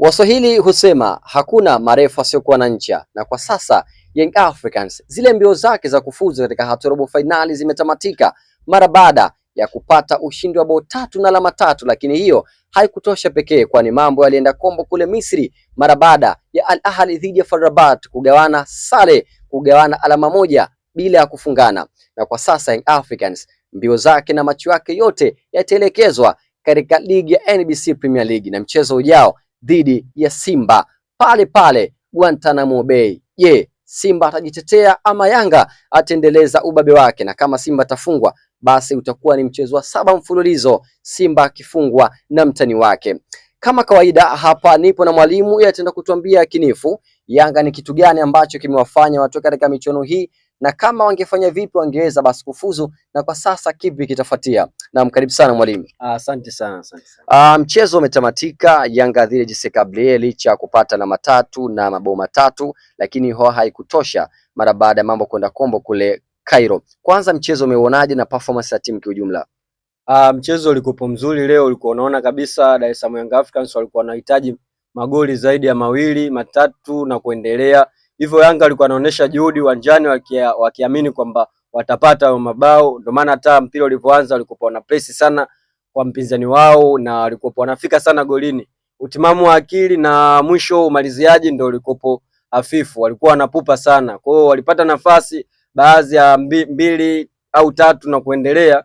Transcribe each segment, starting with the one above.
Waswahili husema hakuna marefu asiyokuwa na ncha, na kwa sasa Young Africans zile mbio zake za kufuzu katika hatua robo fainali zimetamatika mara baada ya kupata ushindi wa bao tatu na alama tatu, lakini hiyo haikutosha pekee, kwani mambo yalienda kombo kule Misri mara baada ya Al Ahly dhidi ya FAR Rabat kugawana sare, kugawana alama moja bila ya kufungana, na kwa sasa Young Africans mbio zake na macho yake yote yataelekezwa katika ligi ya NBC Premier League na mchezo ujao dhidi ya Simba pale pale Guantanamo Bay. Je, Simba atajitetea ama Yanga ataendeleza ubabe wake? Na kama Simba atafungwa basi utakuwa ni mchezo wa saba mfululizo Simba akifungwa na mtani wake. Kama kawaida, hapa nipo na mwalimu, yeye ataenda kutuambia kinifu Yanga ni kitu gani ambacho kimewafanya watoke katika michuano hii na kama wangefanya vipi wangeweza basi kufuzu, na kwa sasa kipi kitafuatia? Na karibu sana mwalimu. Asante sana, asante sana. Ah, mchezo umetamatika Yanga dhidi ya JC Kabylie licha ya kupata na matatu na mabao matatu, lakini ho haikutosha mara baada ya mambo kwenda kombo kule Cairo. Kwanza mchezo umeuonaje na performance ya timu kiujumla? Uh, mchezo ulikuwa mzuri leo, ulikuwa unaona kabisa Dar es Salaam Young Africans walikuwa wanahitaji magoli zaidi ya mawili matatu na kuendelea Hivyo Yanga alikuwa anaonyesha juhudi uwanjani, wakiamini kwamba watapata hayo mabao. Ndio maana hata mpira ulivyoanza walikuwa wana press sana kwa mpinzani wao na walikuwa wanafika sana golini. Utimamu wa akili na mwisho umaliziaji ndio ulikopo hafifu, walikuwa wanapupa sana. Kwa hiyo walipata nafasi baadhi ya mbili au tatu na kuendelea,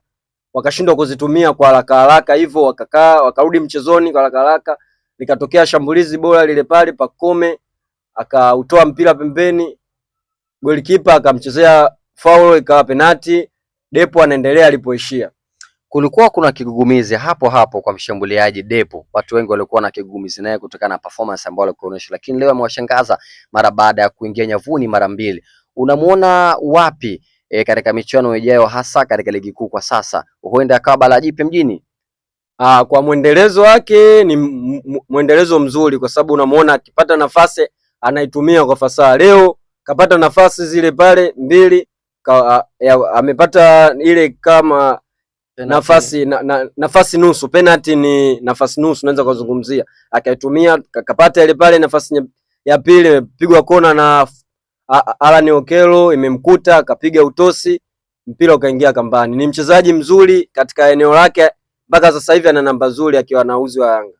wakashindwa kuzitumia kwa haraka haraka, hivyo wakakaa wakarudi mchezoni kwa haraka haraka, likatokea shambulizi bora lile pale Pakome akautoa mpira pembeni, golikipa akamchezea faul, ikawa penati. Depo anaendelea alipoishia. Kulikuwa kuna kigugumizi hapo hapo kwa mshambuliaji Depo, watu wengi walikuwa na kigugumizi naye kutokana na performance ambayo alikuonyesha, lakini leo amewashangaza mara baada ya kuingia nyavuni mara mbili. Unamuona wapi e, katika michuano ijayo, hasa katika ligi kuu kwa sasa, huenda akawa balaa jipya mjini? Aa, ah, kwa mwendelezo wake ni mwendelezo mzuri, kwa sababu unamuona akipata nafasi anaitumia kwa fasaha. Leo kapata nafasi zile pale mbili ka, ya, amepata ile kama Nafasi na, na, nafasi nusu penalty ni nafasi nusu naweza kuzungumzia, akaitumia kapata ile pale nafasi ya pili, imepigwa kona na Alan Okelo imemkuta akapiga utosi, mpira ukaingia kambani. Ni mchezaji mzuri katika eneo lake, mpaka sasa hivi ana namba nzuri akiwa na uzi wa Yanga.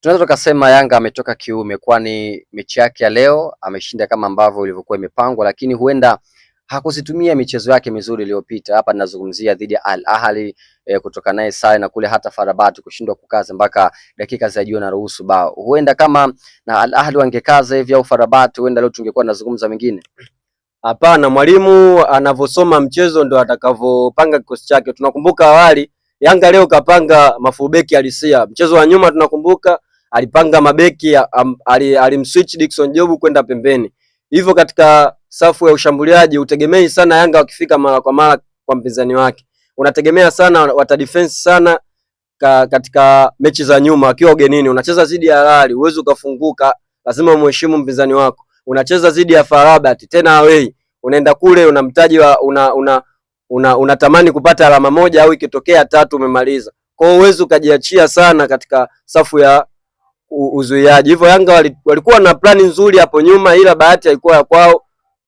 Tunaweza tukasema Yanga ametoka kiume, kwani mechi yake ya leo ameshinda kama ambavyo ilivyokuwa imepangwa, lakini huenda hakuzitumia michezo yake mizuri iliyopita. Hapa ninazungumzia dhidi ya Al Ahli e, kutoka naye sare na kule hata Farabat kushindwa kukaza mpaka dakika za jioni na ruhusu bao. Huenda kama na Al Ahli wangekaza hivi au Farabat, huenda leo tungekuwa nazungumza mengine. Hapana, mwalimu anavyosoma mchezo ndo atakavyopanga kikosi chake. Tunakumbuka awali Yanga leo kapanga mafubeki alisia mchezo wa nyuma, tunakumbuka alipanga mabeki, alimswitch Dickson Jobu kwenda pembeni. Hivyo katika safu ya ushambuliaji utegemei sana Yanga wakifika mara kwa mara kwa mpinzani wake, unategemea sana wata defense sana ka, katika mechi za nyuma wakiwa ugenini. Unacheza zidi ya Lali, uwezi ukafunguka, lazima umheshimu mpinzani wako. Unacheza zidi ya Farabat tena away, unaenda kule unamtaji wa una, una una unatamani kupata alama moja au ikitokea tatu umemaliza. Kwa hiyo huwezi ukajiachia sana katika safu ya uzuiaji. Hivyo Yanga walikuwa na plani nzuri hapo nyuma, ila bahati haikuwa ya kwao.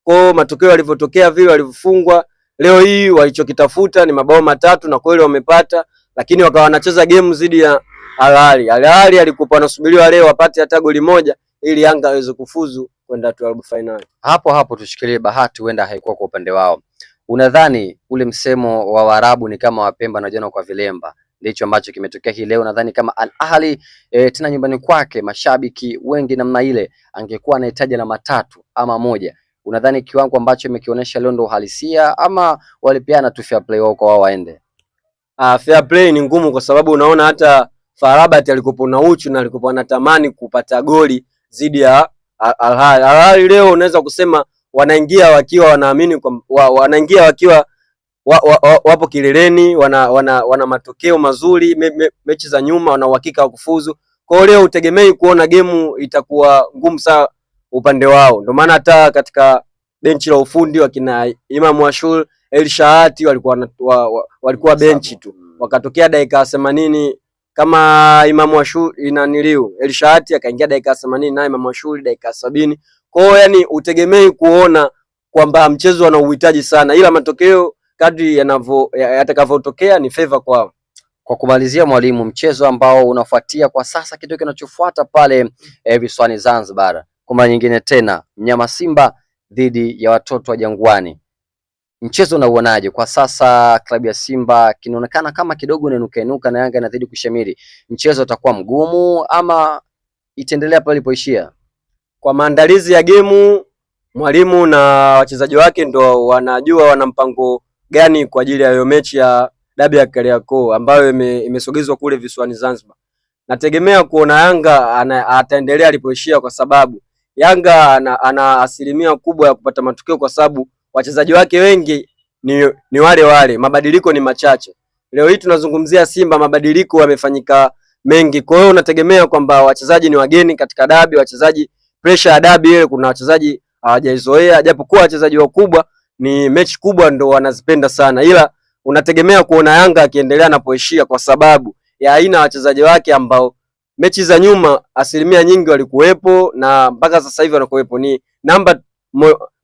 Kwao matokeo yalivyotokea vile walivyofungwa, leo hii walichokitafuta ni mabao matatu na kweli wamepata, lakini wakawa wanacheza game zidi ya Al Ahly. Al Ahly alikuwa anasubiriwa leo apate hata goli moja ili Yanga aweze kufuzu kwenda tu robo finali. Hapo hapo tushikilie, bahati huenda haikuwa kwa upande wao. Unadhani ule msemo wa Waarabu ni kama wapemba na jana kwa vilemba ndicho ambacho kimetokea hii leo. Nadhani kama Al Ahli e, tena nyumbani kwake, mashabiki wengi namna ile, angekuwa anahitaji alama tatu ama moja. Unadhani kiwango ambacho imekionyesha leo ndio uhalisia ama walipeana tu fair play wao kwa wao waende? Uh, fair play ni ngumu kwa sababu unaona hata Farabat alikopo na uchu na alikopo anatamani kupata goli zidi ya Al Ahly. Al Ahly leo unaweza kusema wanaingia wakiwa wanaamini, wanaingia wakiwa wa, wa, wa, wapo kileleni, wana, wana, wana matokeo mazuri me, me, mechi za nyuma wana uhakika wa kufuzu. Kwa hiyo leo utegemei kuona gemu itakuwa ngumu sana upande wao, ndio maana hata katika benchi la ufundi wakina Imam Ashur El Shaati walikuwa wa, wa, walikuwa benchi tu, wakatokea dakika themanini kama Imam Ashur inaniliu El Shaati akaingia dakika ya themanini na Imam Ashur dakika sabini. Kwa hiyo yani utegemei kuona kwamba mchezo wana uhitaji sana, ila matokeo kadri yatakavyotokea ni favor kwao. Kwa kumalizia, mwalimu, mchezo ambao unafuatia kwa sasa, kitu kinachofuata pale eh, visiwani Zanzibar kwa mara nyingine tena, mnyama Simba dhidi ya watoto wa Jangwani, mchezo unauonaje kwa sasa? Klabu ya Simba kinaonekana kama kidogo inuka, na Yanga inazidi kushamiri. Mchezo utakuwa mgumu ama itaendelea pale ilipoishia? Kwa maandalizi ya gemu, mwalimu na wachezaji wake ndo wanajua wana mpango gani kwa ajili ya hiyo mechi ya dabi ya Kariakoo ambayo imesogezwa kule visiwani Zanzibar. Nategemea kuona Yanga ataendelea alipoishia kwa sababu Yanga ana, ana asilimia kubwa ya kupata matokeo kwa sababu wachezaji wake wengi ni, ni wale wale, mabadiliko ni machache. Leo hii tunazungumzia Simba, mabadiliko yamefanyika mengi, kwa hiyo unategemea kwamba wachezaji ni wageni katika dabi, wachezaji pressure ya dabi ile, kuna wachezaji hawajaizoea, japokuwa wachezaji wakubwa ni mechi kubwa ndo wanazipenda sana, ila unategemea kuona Yanga akiendelea anapoishia kwa sababu ya aina ya wachezaji wake ambao mechi za nyuma asilimia nyingi walikuwepo na mpaka sasa hivi wanakuwepo. Ni namba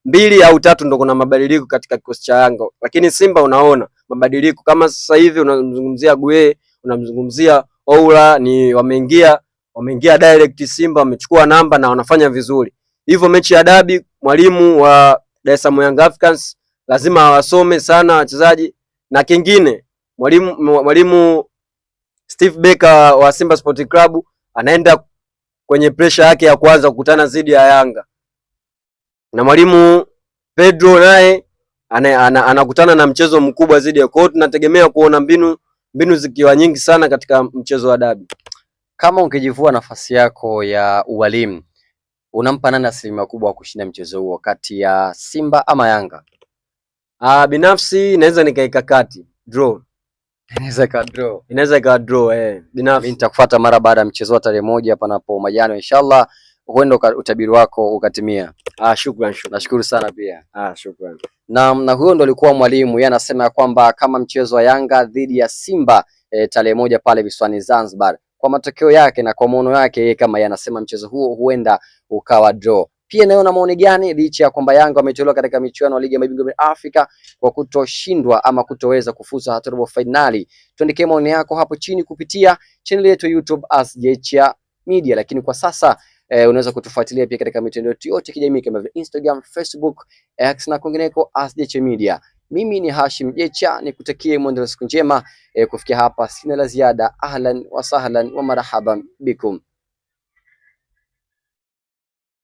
mbili au tatu ndo kuna mabadiliko katika kikosi cha Yanga, lakini Simba unaona mabadiliko kama sasa hivi unamzungumzia Gueye, unamzungumzia Oula, ni wameingia wameingia direct Simba wamechukua namba na wanafanya vizuri. Hivyo mechi ya dabi mwalimu wa Dar es Salaam Young Africans lazima awasome sana wachezaji, na kingine mwalimu mwalimu Steve Baker wa Simba Sport Club anaenda kwenye presha yake ya kwanza kukutana dhidi ya Yanga, na mwalimu Pedro naye anakutana na mchezo mkubwa zaidi. Kwa hiyo tunategemea kuona mbinu mbinu zikiwa nyingi sana katika mchezo wa dabi. Kama ungejivua nafasi yako ya ualimu, unampa nani asilimia kubwa kushinda mchezo huo kati ya Simba ama Yanga? Ah, binafsi naweza nikaika kati draw. Inaweza ka draw. Inaweza ka draw eh. Binafsi mimi nitakufuata mara baada ya mchezo wa tarehe moja panapo majano inshallah huenda utabiri wako ukatimia. Ah, shukran, shukran. Nashukuru sana pia. Ah, shukran. Na, na huyo ndo alikuwa mwalimu yeye anasema kwamba kama mchezo wa Yanga dhidi ya Simba eh, tarehe moja pale visiwani Zanzibar kwa matokeo yake na kwa maono yake yeye kama yanasema mchezo huo huenda ukawa draw. Pia nayo na maoni gani, licha ya kwamba Yanga ametolewa katika michuano ya ligi ya mabingwa Afrika kwa kutoshindwa ama kutoweza kufuza hata robo finali. Tuandike maoni yako hapo chini kupitia channel yetu ya YouTube as Jecha Media, lakini kwa sasa eh, unaweza kutufuatilia pia katika mitandao yote kijamii kama vile Instagram, Facebook, X na kwingineko as Jecha Media. Mimi ni Hashim Jecha, ni kutakie mwendo siku njema. E, kufikia hapa sina la ziada. Ahlan wa sahlan wa marhaban bikum.